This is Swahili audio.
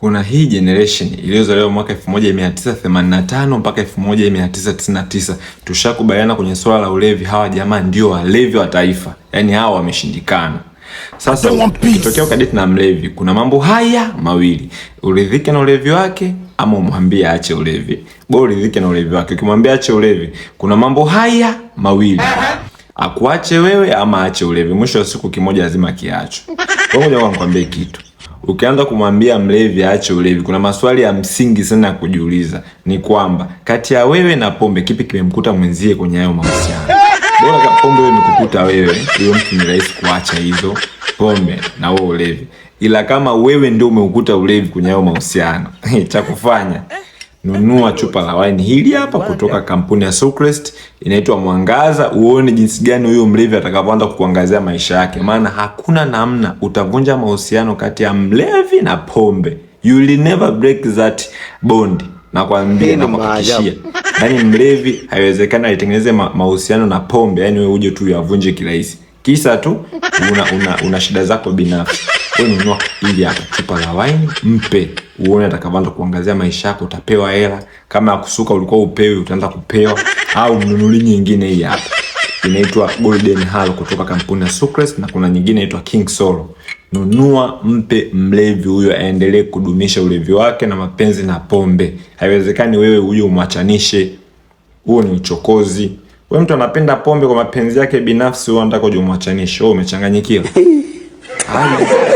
kuna hii generation iliyozaliwa mwaka 1985 mpaka 1999. Tushakubaliana kwenye swala la ulevi, hawa jamaa ndio walevi wa taifa, yaani hawa wameshindikana. Sasa ukitokea ukadeti na mlevi, kuna mambo haya mawili: uridhike na ulevi wake, ama umwambie aache ulevi. Bora uridhike na ulevi wake. Ukimwambia aache ulevi, kuna mambo haya mawili akuache wewe ama aache ulevi. Mwisho wa siku, kimoja lazima kiachwe. Ngoja kwangu nikwambie kitu Ukianza kumwambia mlevi aache ulevi, kuna maswali ya msingi sana ya kujiuliza. Ni kwamba kati ya wewe na pombe, kipi kimemkuta mwenzie kwenye hayo mahusiano? Bora kama pombe imekukuta wewe, huyo mtu ni rahisi kuacha hizo pombe na huo ulevi, ila kama wewe ndio umeukuta ulevi kwenye hayo mahusiano cha kufanya Nunua chupa la wine hili hapa kutoka kampuni ya Socrest, inaitwa Mwangaza, uone jinsi gani huyo mlevi atakavyoanza kukuangazia maisha yake. Maana hakuna namna, utavunja mahusiano kati ya mlevi na pombe. You will never break that bond. Nakwambia na kuhakikishia, yaani mlevi haiwezekani alitengeneze mahusiano na pombe, yani wewe uje tu yavunje kirahisi. Kisa tu una, una, una shida zako binafsi. Wewe nunua ili hapa chupa la wine mpe uone atakavyoanza kuangazia maisha yako, utapewa hela kama akusuka ulikuwa upewi, utaanza kupewa au mnunuli nyingine. Hii hapa inaitwa Golden Halo kutoka kampuni ya Sucrest na kuna nyingine inaitwa King Solo. Nunua mpe mlevi huyo aendelee kudumisha ulevi wake na mapenzi na pombe. Haiwezekani wewe huyo umwachanishe, huo ni uchokozi. Wewe mtu anapenda pombe kwa mapenzi yake binafsi, wewe unataka kujumwachanisha, umechanganyikiwa.